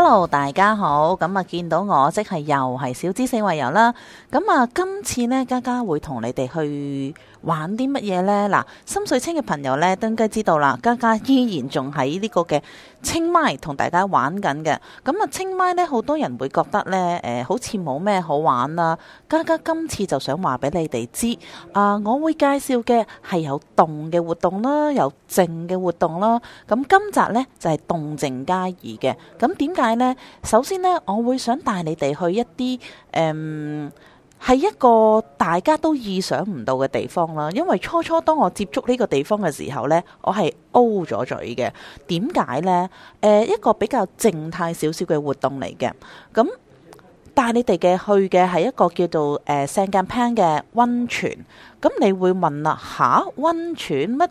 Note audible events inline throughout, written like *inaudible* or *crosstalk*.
*music* 好，Hello, 大家好，咁啊，見到我即係又係小資四圍遊啦。咁啊，今次咧，嘉嘉會同你哋去玩啲乜嘢咧？嗱，深水清嘅朋友咧都應該知道啦。嘉嘉依然仲喺呢個嘅清邁同大家玩緊嘅。咁啊，清邁咧好多人會覺得咧，誒，好似冇咩好玩啦。嘉嘉今次就想話俾你哋知，啊，我會介紹嘅係有動嘅活動啦，有靜嘅活動啦。咁今集咧就係動靜皆宜嘅。咁點解？首先呢，我會想帶你哋去一啲，誒、嗯，係一個大家都意想唔到嘅地方啦。因為初初當我接觸呢個地方嘅時候呢，我係 O 咗嘴嘅。點解呢？一個比較靜態少少嘅活動嚟嘅。咁、嗯，帶你哋嘅去嘅係一個叫做誒 Saint Jean 嘅温泉。咁、嗯、你會問啦，吓、啊，温泉乜？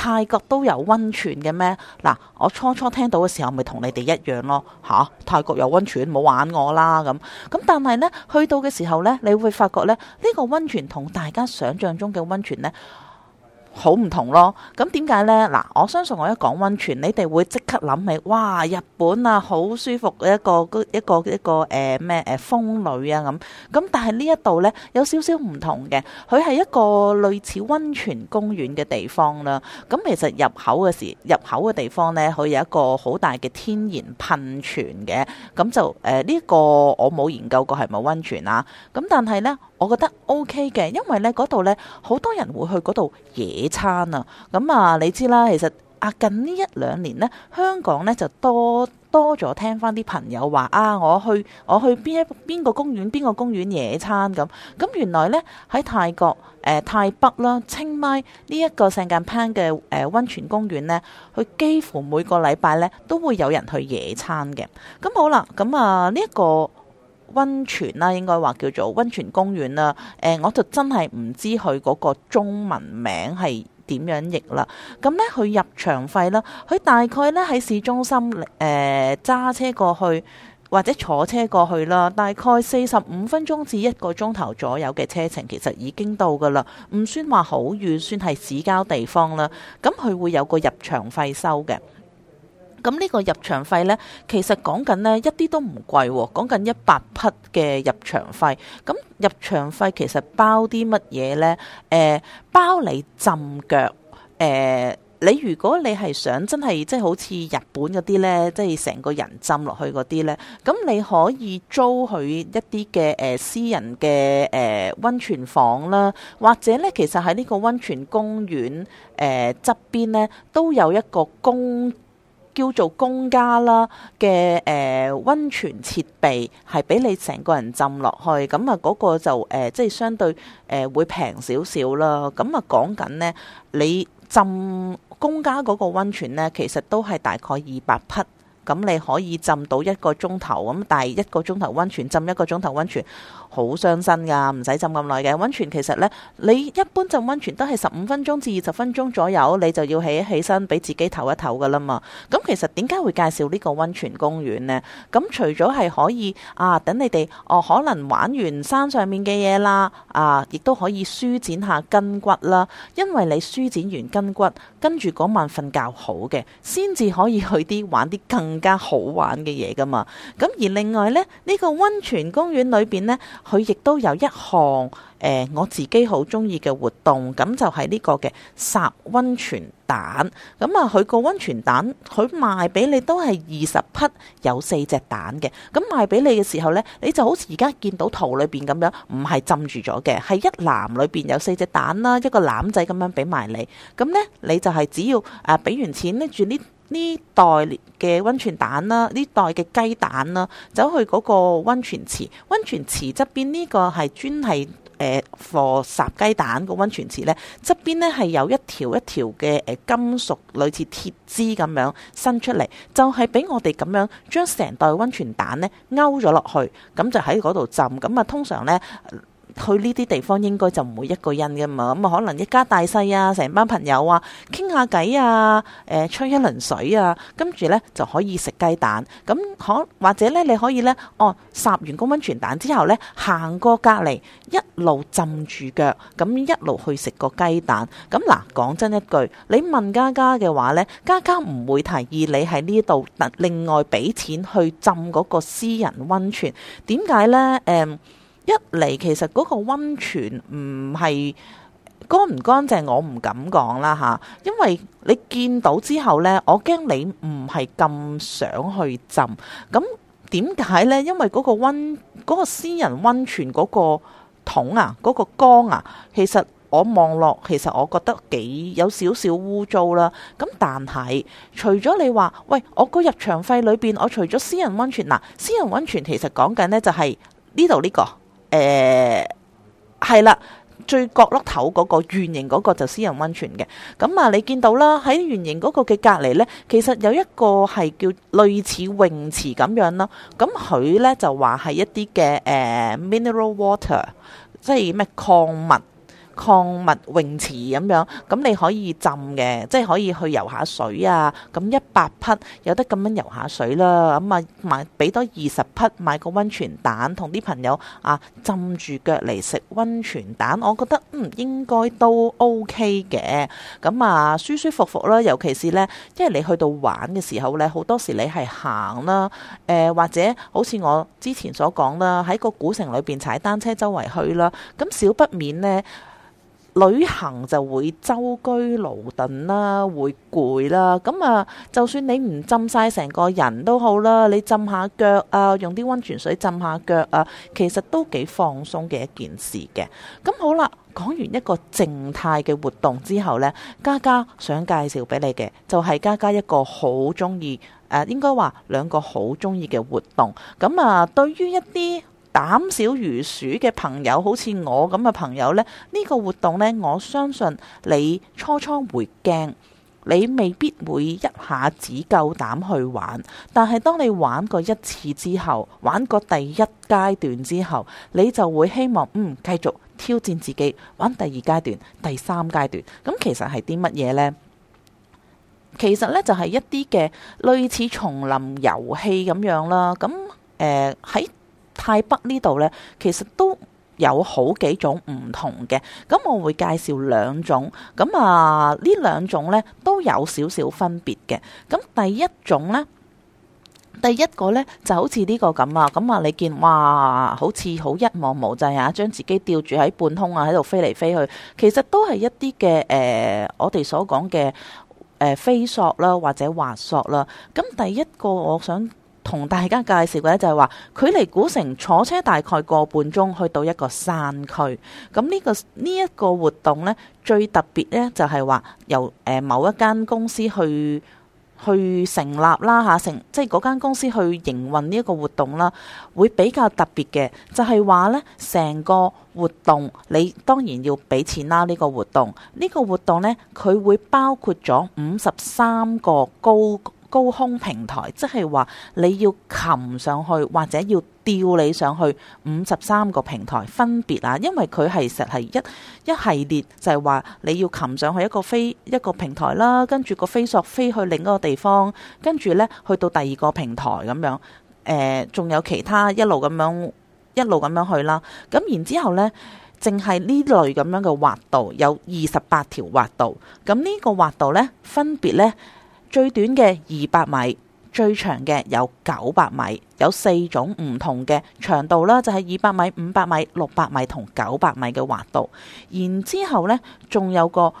泰國都有温泉嘅咩？嗱，我初初聽到嘅時候，咪同你哋一樣咯，嚇！泰國有温泉，唔好玩我啦咁。咁但係呢，去到嘅時候呢，你會發覺呢，呢個温泉同大家想象中嘅温泉呢。好唔同咯，咁點解呢？嗱，我相信我一講温泉，你哋會即刻諗起哇，日本啊，好舒服嘅一個，一個，一個誒咩誒風呂啊咁。咁但係呢一度呢，有少少唔同嘅，佢係一個類似温泉公園嘅地方啦。咁、嗯、其實入口嘅時，入口嘅地方呢，佢有一個好大嘅天然噴泉嘅，咁、嗯、就誒呢、呃這個我冇研究過係咪温泉啊。咁但係呢。我覺得 OK 嘅，因為咧嗰度咧好多人會去嗰度野餐啊！咁、嗯、啊，你知啦，其實啊，近呢一兩年呢，香港咧就多多咗聽翻啲朋友話啊，我去我去邊一邊個公園邊個公園野餐咁。咁、嗯、原來咧喺泰國誒、呃、泰北啦清邁呢一個聖間潘嘅誒温泉公園咧，佢幾乎每個禮拜咧都會有人去野餐嘅。咁、嗯、好啦，咁啊呢一個。温泉啦，應該話叫做温泉公園啦。誒、呃，我就真係唔知佢嗰個中文名係點樣譯啦。咁、嗯、呢，佢入場費啦，佢大概呢喺市中心誒揸、呃、車過去或者坐車過去啦，大概四十五分鐘至一個鐘頭左右嘅車程，其實已經到噶啦，唔算話好遠，算係市郊地方啦。咁、嗯、佢會有個入場費收嘅。咁呢個入場費呢，其實講緊呢一啲都唔貴喎、哦，講緊一百匹嘅入場費。咁入場費其實包啲乜嘢呢？誒、呃，包你浸腳。誒、呃，你如果你係想真係即係好似日本嗰啲呢，即係成個人浸落去嗰啲呢，咁你可以租佢一啲嘅誒私人嘅誒温泉房啦，或者呢其實喺呢個温泉公園誒側、呃、邊呢，都有一個公叫做公家啦嘅誒温泉設備，係俾你成個人浸落去，咁啊嗰個就誒、呃、即係相對誒、呃、會平少少啦。咁啊講緊呢，你浸公家嗰個温泉呢，其實都係大概二百匹，咁你可以浸到一個鐘頭咁，但係一個鐘頭温泉，浸一個鐘頭温泉。好傷身噶，唔使浸咁耐嘅。温泉其實呢，你一般浸温泉都係十五分鐘至二十分鐘左右，你就要起一起身，俾自己唞一唞噶啦嘛。咁其實點解會介紹呢個温泉公園呢？咁除咗係可以啊，等你哋哦，可能玩完山上面嘅嘢啦，啊，亦都可以舒展下筋骨啦。因為你舒展完筋骨，跟住嗰晚瞓覺好嘅，先至可以去啲玩啲更加好玩嘅嘢噶嘛。咁而另外呢，呢個温泉公園裏邊呢。佢亦都有一項誒、呃，我自己好中意嘅活動，咁就係呢個嘅撒温泉蛋。咁啊，佢個温泉蛋佢賣俾你都係二十匹有四隻蛋嘅。咁賣俾你嘅時候呢，你就好似而家見到圖裏邊咁樣，唔係浸住咗嘅，係一籃裏邊有四隻蛋啦，一個籃仔咁樣俾埋你。咁呢，你就係只要誒俾、啊、完錢咧，拎住呢。呢袋嘅温泉蛋啦，呢袋嘅雞蛋啦，走去嗰個温泉池。温泉池側邊呢個係專係誒貨殺雞蛋個温泉池呢，側邊呢係有一條一條嘅誒金屬類似鐵枝咁樣伸出嚟，就係俾我哋咁樣將成袋温泉蛋呢勾咗落去，咁就喺嗰度浸。咁啊，通常呢。去呢啲地方應該就唔會一個人噶嘛，咁啊可能一家大細啊，成班朋友啊，傾下偈啊，誒、呃、吹一輪水啊，跟住呢就可以食雞蛋。咁可或者呢，你可以呢，哦，煠完個温泉蛋之後呢，行過隔離，一路浸住腳，咁一路去食個雞蛋。咁嗱，講真一句，你問嘉嘉嘅話呢，嘉嘉唔會提議你喺呢度另外俾錢去浸嗰個私人温泉。點解呢？誒、嗯。一嚟，其實嗰個温泉唔係乾唔乾淨，我唔敢講啦嚇，因為你見到之後呢，我驚你唔係咁想去浸。咁點解呢？因為嗰個温嗰個私人温泉嗰個桶啊，嗰個缸啊，其實我望落，其實我覺得幾有少少污糟啦。咁但係除咗你話喂，我個入場費裏邊，我除咗私人温泉嗱、啊，私人温泉其實講緊呢就係呢度呢個。誒，係啦、嗯，最角落頭嗰、嗰個圓形嗰個就私人温泉嘅，咁啊你見到啦，喺圓形嗰個嘅隔籬呢，其實有一個係叫類似泳池咁樣囉，咁佢呢就話係一啲嘅誒、呃、mineral water，即係咩礦物。礦物泳池咁樣，咁你可以浸嘅，即係可以去游下水啊。咁一百匹有得咁樣游下水啦。咁啊買俾多二十匹買個温泉蛋，同啲朋友啊浸住腳嚟食温泉蛋。我覺得嗯應該都 OK 嘅。咁啊舒舒服服啦，尤其是呢，即係你去到玩嘅時候呢，好多時你係行啦，誒、呃、或者好似我之前所講啦，喺個古城裏邊踩單車周圍去啦，咁少不免呢。旅行就會舟居勞頓啦，會攰啦。咁啊，就算你唔浸晒成個人都好啦，你浸下腳啊，用啲温泉水浸下腳啊，其實都幾放鬆嘅一件事嘅。咁好啦，講完一個靜態嘅活動之後呢，嘉嘉想介紹俾你嘅就係嘉嘉一個好中意誒，應該話兩個好中意嘅活動。咁啊，對於一啲膽小如鼠嘅朋友，好似我咁嘅朋友呢，呢，呢個活動呢，我相信你初初會驚，你未必會一下子夠膽去玩。但係當你玩過一次之後，玩過第一階段之後，你就會希望嗯繼續挑戰自己，玩第二階段、第三階段。咁其實係啲乜嘢呢？其實呢，就係一啲嘅類似叢林遊戲咁樣啦。咁誒喺。呃泰北呢度呢，其實都有好幾種唔同嘅，咁我會介紹兩種，咁啊呢兩種呢，都有少少分別嘅，咁第一種呢，第一個呢，就好似呢個咁啊，咁啊你見哇，好似好一望無際啊，將自己吊住喺半空啊，喺度飛嚟飛去，其實都係一啲嘅誒，我哋所講嘅誒飛索啦，或者滑索啦，咁第一個我想同大家介紹嘅咧就係話，距離古城坐車大概個半鐘去到一個山區。咁呢個呢一個活動呢，最特別呢就係話由誒某一間公司去去成立啦，吓，成即係嗰間公司去營運呢一個活動啦，會比較特別嘅就係話呢，成個活動你當然要俾錢啦。呢個活動呢個活動咧，佢會包括咗五十三個高高空平台，即係話你要擒上去或者要吊你上去五十三個平台，分別啊，因為佢係實係一一系列，就係、是、話你要擒上去一個飛一個平台啦，跟住個飛索飛去，去另一個地方，跟住呢去到第二個平台咁樣，誒、呃，仲有其他一路咁樣一路咁樣去啦。咁然之後呢，淨係呢類咁樣嘅滑道有二十八條滑道，咁呢個滑道呢，分別呢。最短嘅二百米，最長嘅有九百米，有四種唔同嘅長度啦，就係二百米、五百米、六百米同九百米嘅滑道。然之後呢，仲有個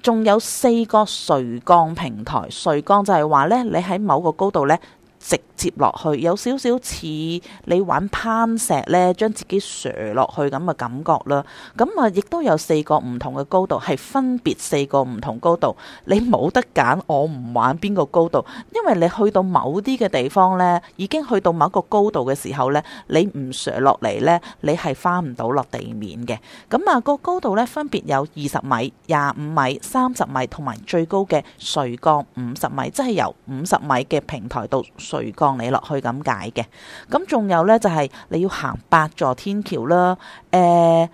仲有四個垂降平台，垂降就係話呢，你喺某個高度呢。直接落去，有少少似你玩攀石咧，將自己錫落去咁嘅感覺啦。咁啊，亦都有四個唔同嘅高度，係分別四個唔同高度。你冇得揀，我唔玩邊個高度，因為你去到某啲嘅地方咧，已經去到某個高度嘅時候咧，你唔錫落嚟咧，你係翻唔到落地面嘅。咁啊，個高度咧分別有二十米、廿五米、三十米同埋最高嘅垂降五十米，即係由五十米嘅平台度。垂降你落去咁解嘅，咁仲有呢，就係、是、你要行八座天橋啦，誒、呃，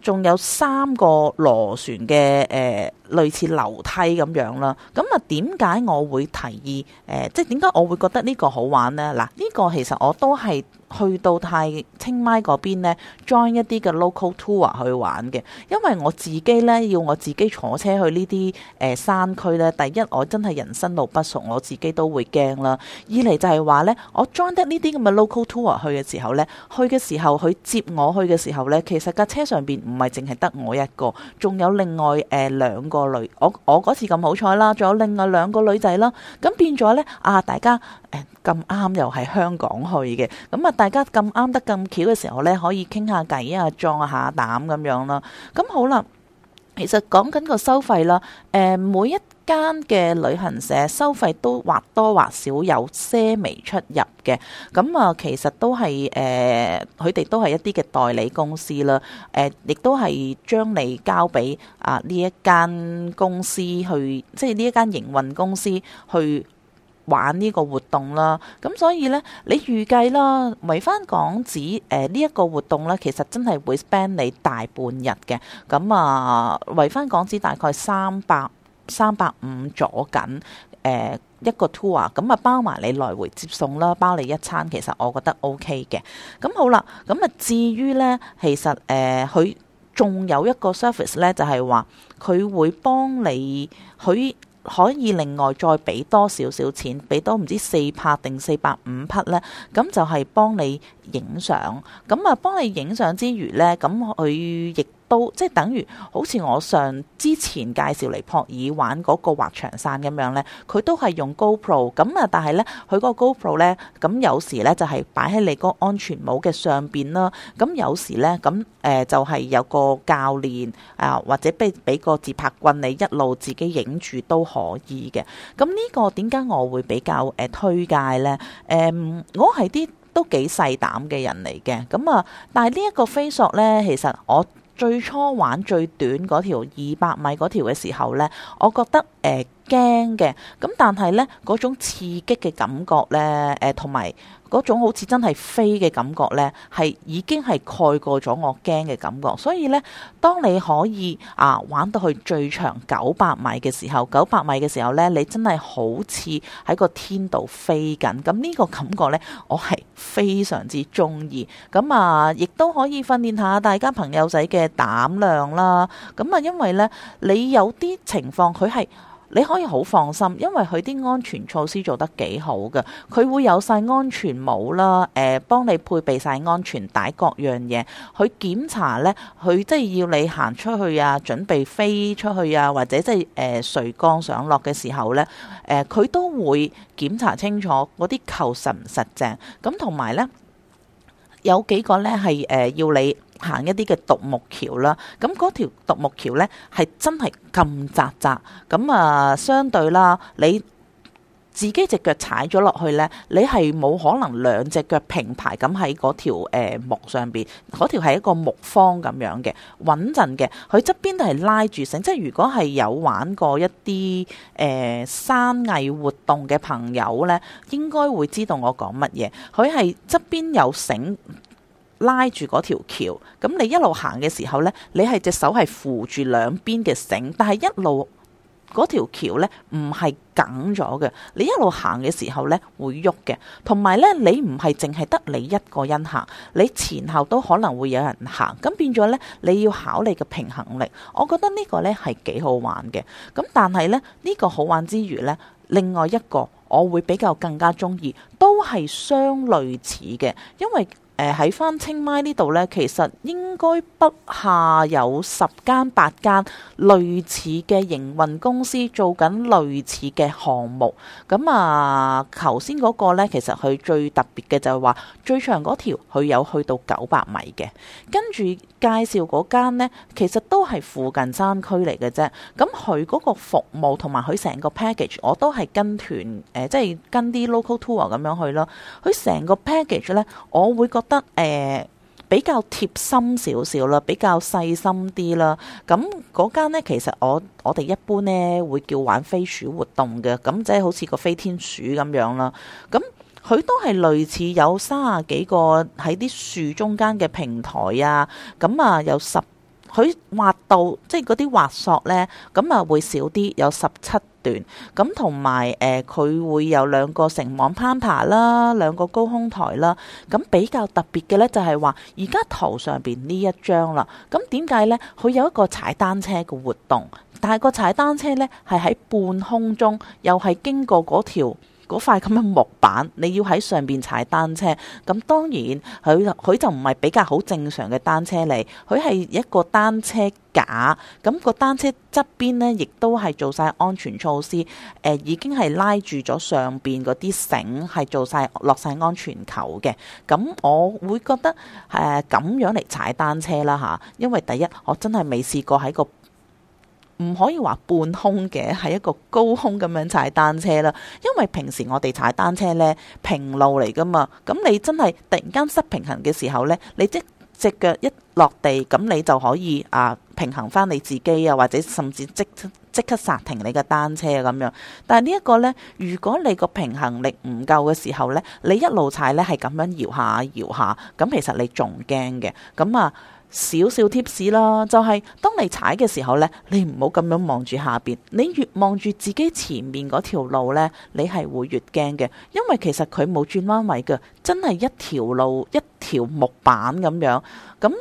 仲有三個螺旋嘅誒、呃，類似樓梯咁樣啦。咁啊，點解我會提議？誒、呃，即係點解我會覺得呢個好玩呢？嗱，呢、這個其實我都係。去到泰清邁嗰邊咧，join 一啲嘅 local tour 去玩嘅，因為我自己呢，要我自己坐車去呢啲誒山區呢。第一我真係人生路不熟，我自己都會驚啦；二嚟就係話呢，我 join 得呢啲咁嘅 local tour 去嘅時候呢，去嘅時候佢接我去嘅時候呢，其實架車上邊唔係淨係得我一個，仲有另外誒、呃、兩個女，我我嗰次咁好彩啦，仲有另外兩個女仔啦，咁變咗呢，啊，大家誒。呃咁啱又係香港去嘅，咁啊大家咁啱得咁巧嘅時候呢，可以傾下偈啊，壯下膽咁樣咯。咁好啦，其實講緊個收費啦，誒每一間嘅旅行社收費都或多或少有些微出入嘅。咁啊，其實都係誒，呃，佢哋都係一啲嘅代理公司啦，誒亦都係將你交俾啊呢一間公司去，即係呢一間營運公司去。玩呢個活動啦，咁所以呢，你預計啦，圍翻港紙誒呢一個活動呢，其實真係會 spend 你大半日嘅。咁、嗯、啊，圍翻港紙大概三百三百五左右誒、呃、一個 tour，咁、嗯、啊包埋你來回接送啦，包你一餐，其實我覺得 OK 嘅。咁、嗯、好啦，咁、嗯、啊至於呢，其實誒佢仲有一個 service 呢，就係話佢會幫你佢。可以另外再畀多少少錢，畀多唔知四百定四百五匹咧？咁就係幫你影相。咁啊，幫你影相之餘呢，咁佢亦～都即係等於好似我上之前介紹嚟撲爾玩嗰個滑翔傘咁樣 Pro, 呢，佢都係用 GoPro 咁啊。但係呢，佢嗰個 GoPro 呢，咁有時呢就係擺喺你個安全帽嘅上邊啦。咁有時呢，咁誒就係、是有，呃就是、有個教練啊，或者俾俾個自拍棍你一路自己影住都可以嘅。咁呢個點解我會比較誒、呃、推介呢？誒、呃，我係啲都幾細膽嘅人嚟嘅咁啊，但係呢一個飛索呢，其實我。最初玩最短嗰條二百米嗰條嘅時候咧，我覺得誒。呃驚嘅咁，但係呢嗰種刺激嘅感覺呢，誒同埋嗰種好似真係飛嘅感覺呢，係已經係蓋過咗我驚嘅感覺。所以呢，當你可以啊玩到去最長九百米嘅時候，九百米嘅時候呢，你真係好似喺個天度飛緊。咁呢個感覺呢，我係非常之中意。咁啊，亦都可以訓練下大家朋友仔嘅膽量啦。咁啊，因為呢，你有啲情況佢係。你可以好放心，因為佢啲安全措施做得幾好嘅，佢會有晒安全帽啦，誒、呃、幫你配備晒安全帶各樣嘢。去檢查咧，佢即係要你行出去啊，準備飛出去啊，或者即係誒垂降上落嘅時候咧，誒、呃、佢都會檢查清楚嗰啲扣實唔實淨。咁同埋咧，有幾個咧係誒要你。行一啲嘅獨木橋啦，咁嗰條獨木橋呢，係真係咁窄窄，咁啊相對啦，你自己隻腳踩咗落去呢，你係冇可能兩隻腳平排咁喺嗰條誒木上邊，嗰條係一個木方咁樣嘅穩陣嘅，佢側邊都係拉住繩，即係如果係有玩過一啲誒、呃、山藝活動嘅朋友呢，應該會知道我講乜嘢，佢係側邊有繩。拉住嗰條橋，咁你一路行嘅時候呢，你係隻手係扶住兩邊嘅繩，但係一路嗰條橋呢，唔係梗咗嘅。你一路行嘅時候呢，會喐嘅，同埋呢，你唔係淨係得你一個人行，你前後都可能會有人行，咁變咗呢，你要考你嘅平衡力。我覺得呢個呢係幾好玩嘅。咁但係呢，呢個好玩之餘呢，另外一個我會比較更加中意都係相類似嘅，因為。誒，喺翻清邁呢度呢，其實應該不下有十間八間類似嘅營運公司做緊類似嘅項目。咁啊，頭先嗰個呢，其實佢最特別嘅就係話最長嗰條佢有去到九百米嘅。跟住介紹嗰間呢，其實都係附近山區嚟嘅啫。咁佢嗰個服務同埋佢成個 package，我都係跟團誒，即、呃、係、就是、跟啲 local tour 咁樣去咯。佢成個 package 呢，我會覺。得誒比較貼心少少啦，比較細心啲啦。咁嗰間咧，其實我我哋一般咧會叫玩飛鼠活動嘅，咁即係好似個飛天鼠咁樣啦。咁佢都係類似有三十幾個喺啲樹中間嘅平台啊，咁啊有十。佢滑道即係嗰啲滑索呢，咁啊會少啲，有十七段。咁同埋誒，佢、呃、會有兩個城網攀爬啦，兩個高空台啦。咁比較特別嘅呢，就係話而家圖上邊呢一張啦。咁點解呢？佢有一個踩單車嘅活動，但係個踩單車呢，係喺半空中，又係經過嗰條。嗰塊咁樣木板，你要喺上邊踩單車，咁當然佢佢就唔係比較好正常嘅單車嚟，佢係一個單車架，咁個單車側邊呢，亦都係做晒安全措施，誒、呃、已經係拉住咗上邊嗰啲繩，係做晒落晒安全球嘅，咁我會覺得誒、啊、咁樣嚟踩單車啦嚇，因為第一我真係未試過喺個。唔可以話半空嘅，係一個高空咁樣踩單車啦。因為平時我哋踩單車呢，平路嚟噶嘛，咁你真係突然間失平衡嘅時候呢，你即隻腳一落地，咁你就可以啊，平衡翻你自己啊，或者甚至即即刻剎停你嘅單車啊咁樣。但係呢一個呢，如果你個平衡力唔夠嘅時候呢，你一路踩呢係咁樣搖下搖下，咁其實你仲驚嘅，咁啊。小小 tips 啦，就係當你踩嘅時候呢，你唔好咁樣望住下邊，你越望住自己前面嗰條路呢，你係會越驚嘅，因為其實佢冇轉彎位嘅，真係一條路一條木板咁樣咁。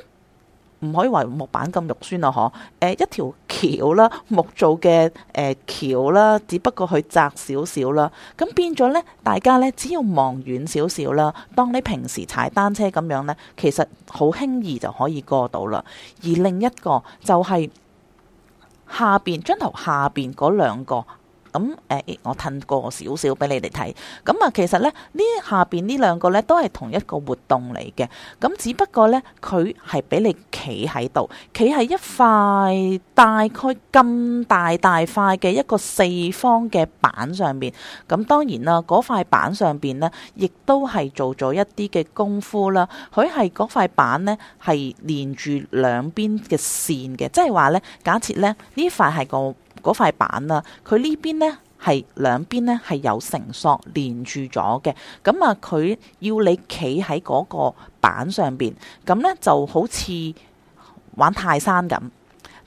唔可以話木板咁肉酸咯，嗬？誒一條橋啦，木造嘅誒橋啦，只不過佢窄少少啦。咁變咗咧，大家咧只要望遠少少啦，當你平時踩單車咁樣咧，其實好輕易就可以過到啦。而另一個就係、是、下邊張圖下邊嗰兩個。咁誒、嗯欸，我褪過少少俾你哋睇。咁、嗯、啊，其實咧，呢下邊呢兩個咧，都係同一個活動嚟嘅。咁只不過咧，佢係俾你企喺度，企喺一塊大概咁大大塊嘅一個四方嘅板上邊。咁、嗯、當然啦，嗰塊板上邊咧，亦都係做咗一啲嘅功夫啦。佢係嗰塊板咧，係連住兩邊嘅線嘅，即係話咧，假設咧，呢塊係個。嗰塊板啊，佢呢邊呢，係兩邊呢，係有繩索連住咗嘅，咁啊，佢要你企喺嗰個板上面，咁呢就好似玩泰山咁。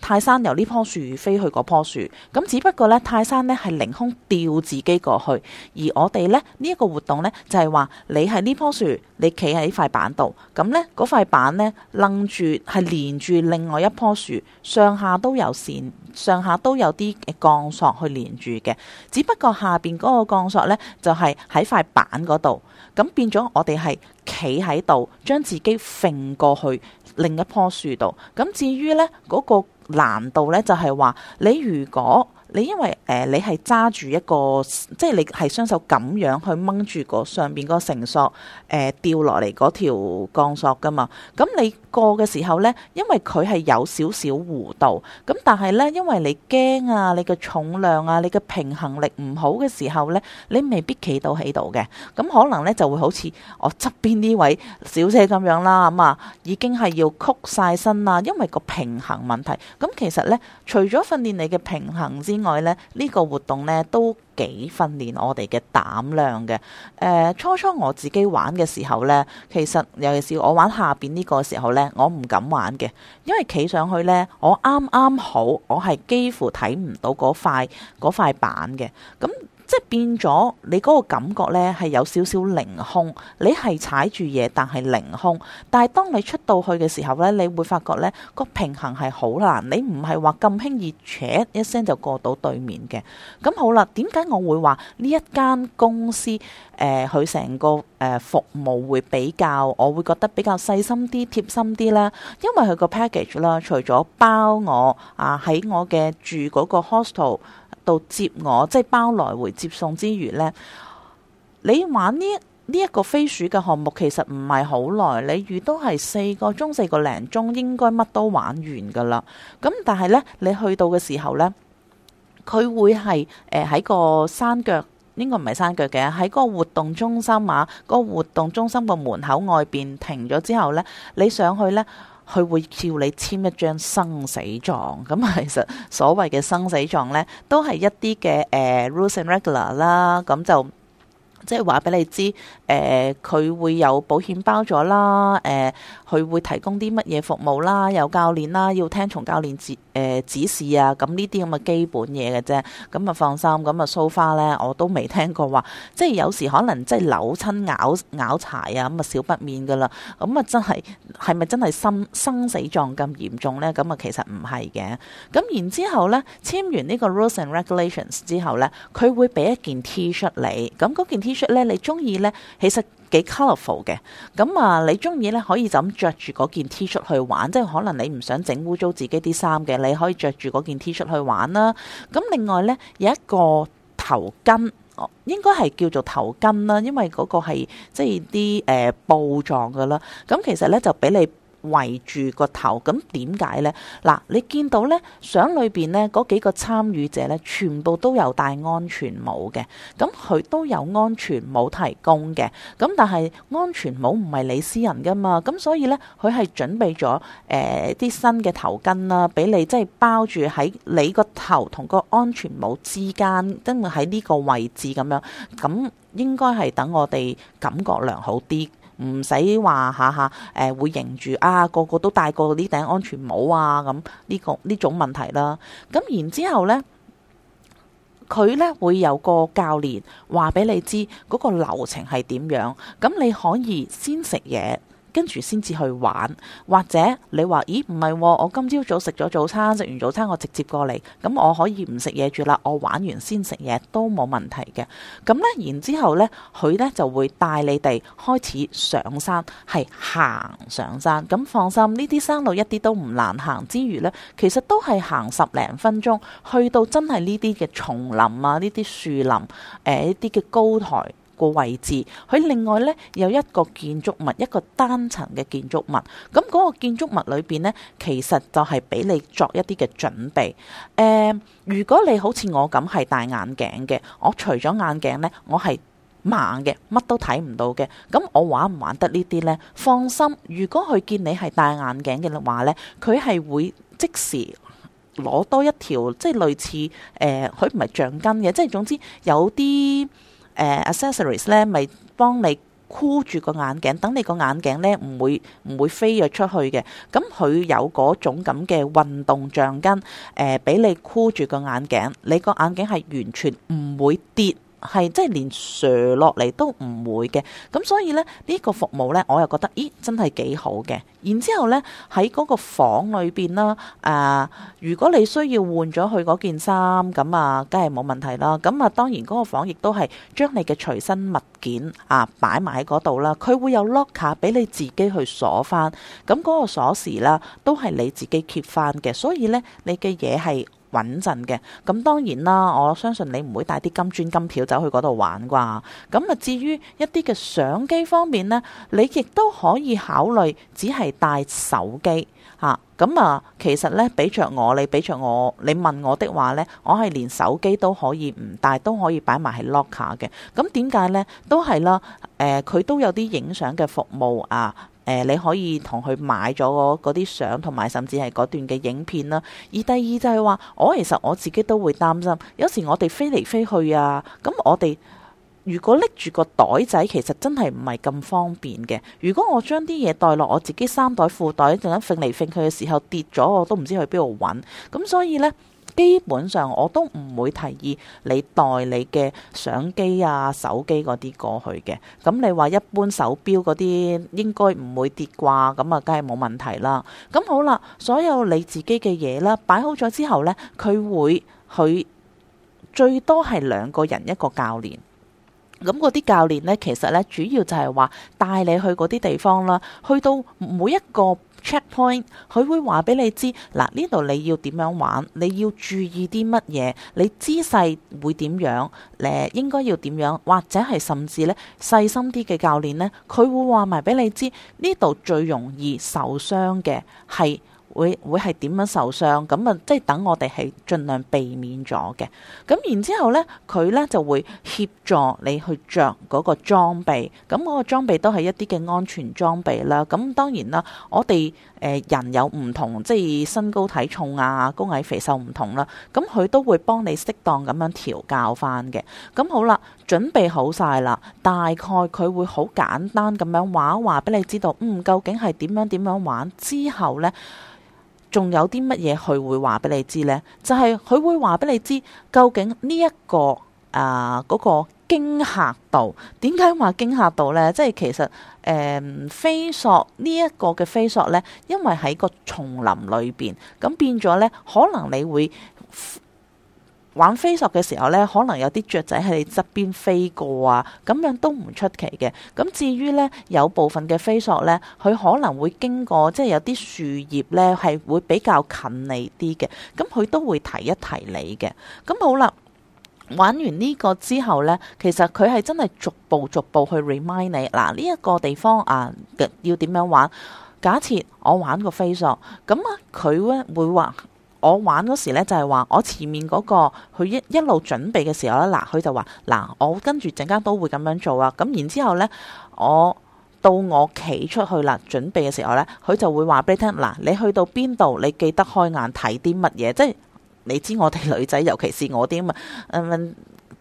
泰山由呢棵樹飛去嗰棵樹，咁只不過咧，泰山咧係凌空吊自己過去，而我哋咧呢一、呢個活動咧就係話，你係呢棵樹，你企喺塊板度，咁咧嗰塊板咧楞住係連住另外一棵樹，上下都有線，上下都有啲鋼索去連住嘅。只不過下邊嗰個鋼索咧就係、係、喺塊板嗰度，咁變咗我哋係企喺度，將自己揈過去另一棵樹度。咁至於咧嗰、嗰個難度咧就係話，你如果，你因為誒、呃，你係揸住一個，即係你係雙手咁樣去掹住個上邊個繩索誒、呃，掉落嚟嗰條鋼索噶嘛。咁你過嘅時候咧，因為佢係有少少弧度，咁但係咧，因為你驚啊，你嘅重量啊，你嘅平衡力唔好嘅時候咧，你未必企到喺度嘅。咁可能咧就會好似我側邊呢位小姐咁樣啦，咁啊已經係要曲晒身啦，因為個平衡問題。咁其實咧，除咗訓練你嘅平衡之外，外咧，呢個活動咧都幾訓練我哋嘅膽量嘅。誒、呃，初初我自己玩嘅時候咧，其實尤其是我玩下邊呢個時候咧，我唔敢玩嘅，因為企上去咧，我啱啱好，我係幾乎睇唔到嗰塊嗰塊板嘅。咁即係變咗，你嗰個感覺咧係有少少凌空，你係踩住嘢，但係凌空。但係當你出到去嘅時候咧，你會發覺咧個平衡係好難，你唔係話咁輕易，che 一聲就過到對面嘅。咁好啦，點解我會話呢一間公司誒佢成個誒、呃、服務會比較，我會覺得比較細心啲、貼心啲咧？因為佢個 package 啦，除咗包我啊喺我嘅住嗰個 hostel。到接我，即係包來回接送之餘呢，你玩呢呢一個飛鼠嘅項目，其實唔係好耐，你預都係四個鐘四個零鐘，應該乜都玩完噶啦。咁但係呢，你去到嘅時候呢，佢會係誒喺個山腳，應該唔係山腳嘅，喺嗰個活動中心啊，嗰個活動中心個門口外邊停咗之後呢，你上去呢。佢會叫你簽一張生死狀，咁其實所謂嘅生死狀咧，都係一啲嘅誒、呃、rules and regular 啦，咁就。即係話俾你知，誒、呃、佢會有保險包咗啦，誒、呃、佢會提供啲乜嘢服務啦，有教練啦，要聽從教練指誒、呃、指示啊，咁呢啲咁嘅基本嘢嘅啫，咁啊放心，咁啊蘇花咧我都未聽過話，即係有時可能即係扭親拗拗，拗柴啊，咁啊少不免噶啦，咁啊真係係咪真係生生死狀咁嚴重咧？咁啊其實唔係嘅，咁然後呢簽之後咧簽完呢個 rules and regulations 之後咧，佢會俾一件 T 恤你，咁嗰件 T 咧，你中意咧，其實幾 colourful 嘅。咁、嗯、啊，你中意咧，可以就咁着住嗰件 T 恤去玩，即係可能你唔想整污糟自己啲衫嘅，你可以着住嗰件 T 恤去玩啦。咁、嗯、另外咧，有一個頭巾，應該係叫做頭巾啦，因為嗰個係即係啲誒布狀噶啦。咁、嗯、其實咧就俾你。圍住個頭，咁點解呢？嗱，你見到呢相裏邊呢嗰幾個參與者呢，全部都有戴安全帽嘅，咁佢都有安全帽提供嘅。咁但係安全帽唔係你私人噶嘛，咁所以呢，佢係準備咗誒啲新嘅頭巾啦、啊，俾你即係包住喺你個頭同個安全帽之間，跟住喺呢個位置咁樣。咁應該係等我哋感覺良好啲。唔使話吓吓，誒、呃、會迎住啊，個個都戴過呢頂安全帽啊，咁呢個呢種問題啦。咁然之後咧，佢呢會有個教練話俾你知嗰個流程係點樣，咁你可以先食嘢。跟住先至去玩，或者你話，咦，唔係，哦，我今朝早食咗早餐，食完早餐我直接過嚟，咁我可以唔食嘢住啦，我玩完先食嘢都冇問題嘅。咁呢，然之後呢，佢呢就會帶你哋開始上山，係行上山。咁放心，呢啲山路一啲都唔難行，之餘呢，其實都係行十零分鐘，去到真係呢啲嘅叢林啊，呢啲樹林，誒、呃，一啲嘅高台。個位置，佢另外呢有一個建築物，一個單層嘅建築物。咁嗰個建築物裏邊呢，其實就係俾你作一啲嘅準備。誒、呃，如果你好似我咁係戴眼鏡嘅，我除咗眼鏡呢，我係盲嘅，乜都睇唔到嘅。咁我玩唔玩得呢啲呢？放心，如果佢見你係戴眼鏡嘅話呢，佢係會即時攞多一條，即係類似誒，佢唔係橡筋嘅，即係總之有啲。誒 accessories 咧，咪幫、uh, 你箍住個眼鏡，等你個眼鏡咧唔會唔會飛躍出去嘅。咁佢有種種咁嘅運動橡筋，誒、呃、俾你箍住個眼鏡，你個眼鏡係完全唔會跌。係即係連坐落嚟都唔會嘅、咁所以咧呢、呢個服務咧我又覺得，咦真係幾好嘅。然之後咧喺嗰個房裏邊啦，誒、啊，如果你需要換咗佢嗰件衫，咁啊，梗係冇問題啦。咁啊，當然嗰、啊、個房亦都係將你嘅隨身物件啊擺埋喺嗰度啦。佢會有 locker、er、俾你自己去鎖翻，咁嗰個鎖匙啦都係你自己揭翻嘅，所以咧你嘅嘢係。穩陣嘅，咁、嗯、當然啦，我相信你唔會帶啲金磚金票走去嗰度玩啩。咁、嗯、啊，至於一啲嘅相機方面呢，你亦都可以考慮只係帶手機嚇。咁啊、嗯，其實呢，俾着我，你俾着我，你問我的話呢，我係連手機都可以唔帶，都可以擺埋喺 locker 嘅。咁點解呢？都係啦，誒、呃，佢都有啲影相嘅服務啊。誒、呃，你可以同佢買咗嗰啲相，同埋甚至係嗰段嘅影片啦。而第二就係話，我其實我自己都會擔心，有時我哋飛嚟飛去啊，咁我哋如果拎住個袋仔，其實真係唔係咁方便嘅。如果我將啲嘢袋落我自己衫袋、褲袋，一陣間揈嚟揈去嘅時候跌咗，我都唔知去邊度揾。咁所以呢。基本上我都唔會提議你帶你嘅相機啊、手機嗰啲過去嘅。咁你話一般手錶嗰啲應該唔會跌啩？咁啊梗係冇問題啦。咁好啦，所有你自己嘅嘢啦擺好咗之後咧，佢會佢最多係兩個人一個教練。咁嗰啲教練呢，其實呢主要就係話帶你去嗰啲地方啦，去到每一個 check point，佢會話俾你知，嗱呢度你要點樣玩，你要注意啲乜嘢，你姿勢會點樣，誒應該要點樣，或者係甚至呢細心啲嘅教練呢，佢會話埋俾你知，呢度最容易受傷嘅係。會會係點樣受傷咁啊？即係等我哋係盡量避免咗嘅。咁然之後呢，佢呢就會協助你去着嗰個裝備。咁嗰個裝備都係一啲嘅安全裝備啦。咁當然啦，我哋誒、呃、人有唔同，即係身高體重啊、高矮肥瘦唔同啦、啊。咁佢都會幫你適當咁樣調校翻嘅。咁好啦，準備好晒啦，大概佢會好簡單咁樣話話俾你知道，嗯，究竟係點樣點樣玩之後呢。仲有啲乜嘢佢會話俾你知呢？就係，是，佢會話俾你知究竟呢，這，一個啊嗰，那個驚嚇度，點解話驚嚇度呢？即係其實誒飛索呢一個嘅飛索呢，因為喺個叢林裏邊，咁變咗呢，可能你會。玩飛索嘅時候呢，可能有啲雀仔喺你側邊飛過啊，咁樣都唔出奇嘅。咁至於呢，有部分嘅飛索呢，佢可能會經過，即係有啲樹葉呢係會比較近你啲嘅，咁佢都會提一提你嘅。咁好啦，玩完呢個之後呢，其實佢係真係逐步逐步去 remind 你。嗱，呢一個地方啊，要點樣玩？假設我玩過飛索，咁啊，佢咧會話。我玩嗰時咧，就係、是、話我前面嗰、那個佢一一路準備嘅時候咧，嗱佢就話嗱，我跟住陣間都會咁樣做啊，咁然之後咧，我到我企出去啦準備嘅時候咧，佢就會話俾你聽，嗱，你去到邊度你記得開眼睇啲乜嘢，即係你知我哋女仔，尤其是我啲嘛。啊、嗯。嗯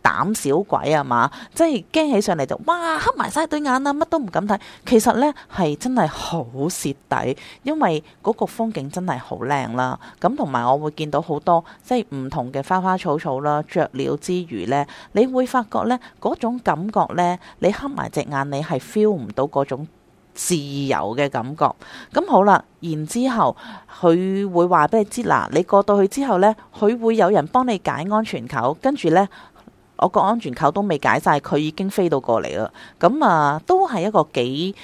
膽小鬼啊嘛，即係驚起上嚟，就哇，黑埋晒對眼啦，乜都唔敢睇。其實呢係真係好蝕底，因為嗰個風景真係好靚啦。咁同埋我會見到好多即係唔同嘅花花草草啦，雀鳥之餘呢，你會發覺呢嗰種感覺呢，你黑埋隻眼你係 feel 唔到嗰種自由嘅感覺。咁好啦，然之後佢會話俾你知嗱，你過到去之後呢，佢會有人幫你解安全球，跟住呢。我個安全扣都未解晒，佢已經飛到過嚟啦。咁啊，都係一個幾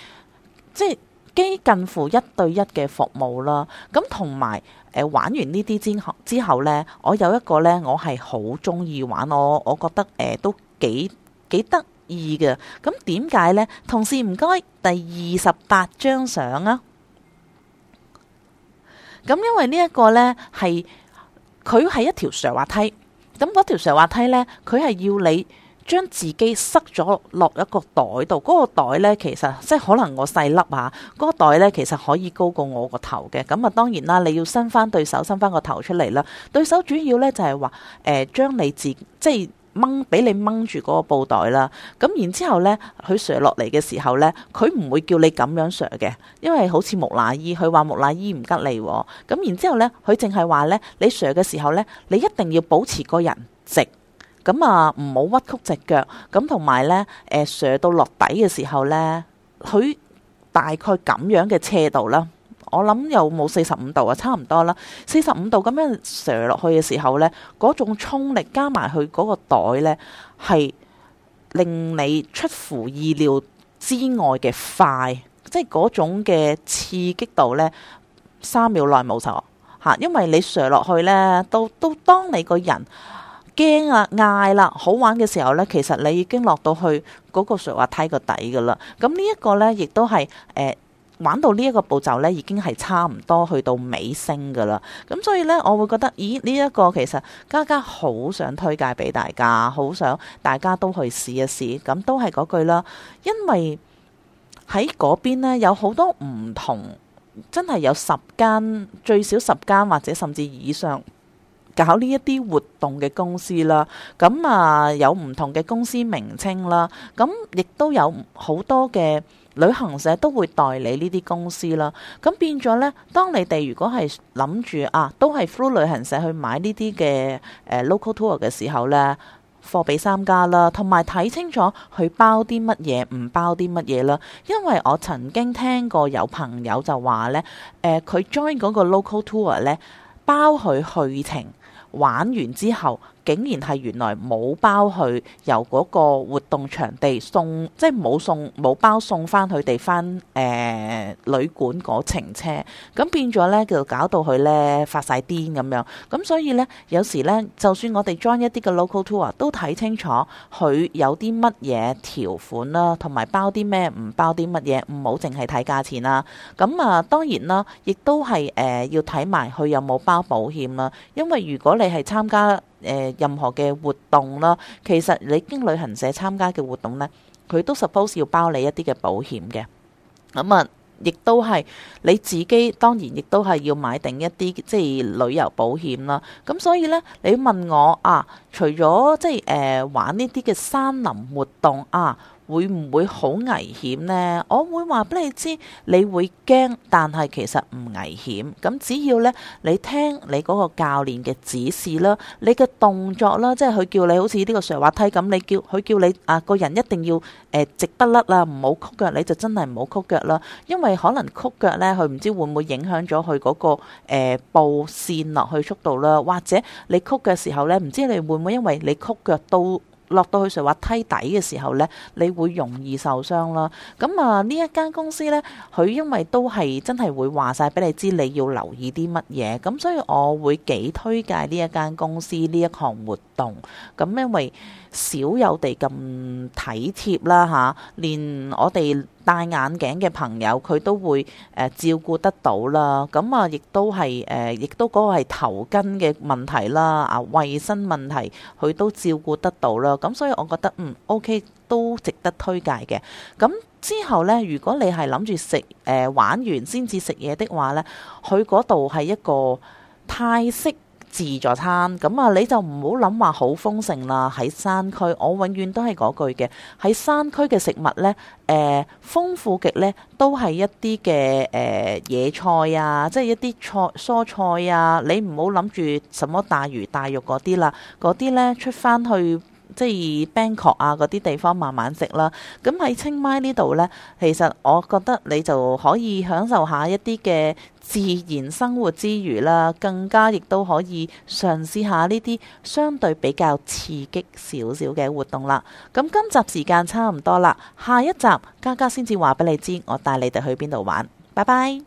即係幾近乎一對一嘅服務啦。咁同埋誒，玩完呢啲之後之後呢，我有一個呢，我係好中意玩我，我覺得誒、呃、都幾幾得意嘅。咁點解呢？同事唔該，第二十八張相啊。咁因為呢一個呢，係佢係一條上滑梯。咁嗰、嗯、條斜滑梯咧，佢係要你將自己塞咗落一個袋度，嗰、那個袋咧其實即係可能我細粒嚇，嗰、那個袋咧其實可以高過我個頭嘅。咁啊，當然啦，你要伸翻對手，伸翻個頭出嚟啦。對手主要咧就係、是、話，誒、呃、將你自即係。掹俾你掹住嗰個布袋啦，咁然之後呢，佢 sir 落嚟嘅時候呢，佢唔會叫你咁樣 sir 嘅，因為好似木乃伊，佢話木乃伊唔吉利喎。咁然之後呢，佢淨係話呢，你 sir 嘅時候呢，你一定要保持個人直，咁啊唔好屈曲隻腳，咁同埋呢，誒、呃、sir 到落底嘅時候呢，佢大概咁樣嘅斜度啦。我諗有冇四十五度啊，差唔多啦。四十五度咁樣射落去嘅時候呢，嗰種衝力加埋佢嗰個袋呢，係令你出乎意料之外嘅快，即係嗰種嘅刺激度呢，三秒內冇錯吓。因為你射落去呢，都都當你個人驚啦、嗌啦、好玩嘅時候呢，其實你已經落到去嗰個水滑、滑梯個底噶啦。咁呢一個呢，亦都係誒。呃玩到呢一個步驟呢，已經係差唔多去到尾聲噶啦。咁所以呢，我會覺得，咦？呢、這、一個其實家家好想推介俾大家，好想大家都去試一試。咁、嗯、都係嗰句啦，因為喺嗰邊呢有好多唔同，真係有十間最少十間或者甚至以上搞呢一啲活動嘅公司啦。咁、嗯、啊，有唔同嘅公司名稱啦。咁、嗯、亦都有好多嘅。旅行社都會代理呢啲公司啦，咁變咗呢，當你哋如果係諗住啊，都係 through 旅行社去買呢啲嘅誒 local tour 嘅時候呢，貨比三家啦，同埋睇清楚佢包啲乜嘢，唔包啲乜嘢啦。因為我曾經聽過有朋友就話呢，誒、呃、佢 join 嗰個 local tour 呢，包佢去程，玩完之後。竟然係原來冇包去由嗰個活動場地送，即係冇送冇包送返佢哋返誒旅館嗰程車，咁變咗呢，就搞到佢呢發晒癲咁樣。咁所以呢，有時呢，就算我哋 join 一啲嘅 local tour 都睇清楚佢有啲乜嘢條款啦，同埋包啲咩唔包啲乜嘢，唔好淨係睇價錢啦。咁啊，當然啦，亦都係誒、呃、要睇埋佢有冇包保險啦，因為如果你係參加。誒任何嘅活動啦，其實你經旅行社參加嘅活動呢，佢都 suppose 要包你一啲嘅保險嘅。咁啊，亦都係你自己當然亦都係要買定一啲即係旅遊保險啦。咁所以呢，你問我啊，除咗即係誒玩呢啲嘅山林活動啊，會唔會好危險呢？我會話俾你知，你會驚，但係其實唔危險。咁只要呢，你聽你嗰個教練嘅指示啦，你嘅動作啦，即係佢叫你好似呢個上滑梯咁，你叫，佢叫你啊個人一定要誒、呃、直不甩啊，唔好曲腳，你就真係唔好曲腳啦。因為可能曲腳呢，佢唔知會唔會影響咗佢嗰個誒布、呃、線落去速度啦，或者你曲嘅時候呢，唔知你會唔會因為你曲腳到？落到去水滑梯底嘅時候呢，你會容易受傷啦。咁啊，呢一間公司呢，佢因為都係真係會話晒畀你知，你要留意啲乜嘢。咁所以，我會幾推介呢一間公司呢一項活動。咁因為少有地咁體貼啦嚇、啊，連我哋戴眼鏡嘅朋友佢都會誒、呃、照顧得到啦。咁啊，亦都係誒，亦都嗰個係頭巾嘅問題啦，啊，衞、呃啊、生問題佢都照顧得到啦。咁、啊、所以我覺得嗯 OK 都值得推介嘅。咁、啊、之後呢，如果你係諗住食誒玩完先至食嘢的話呢，佢嗰度係一個泰式。自助餐咁啊，你就唔好諗話好豐盛啦。喺山區，我永遠都係嗰句嘅，喺山區嘅食物呢，誒、呃、豐富極呢，都係一啲嘅誒野菜啊，即係一啲菜蔬菜啊。你唔好諗住什麼大魚大肉嗰啲啦，嗰啲呢，出翻去。即係 Bangkok 啊，嗰啲地方慢慢食啦。咁喺清邁呢度呢，其實我覺得你就可以享受下一啲嘅自然生活之餘啦，更加亦都可以嘗試下呢啲相對比較刺激少少嘅活動啦。咁今集時間差唔多啦，下一集嘉嘉先至話俾你知，我帶你哋去邊度玩。拜拜。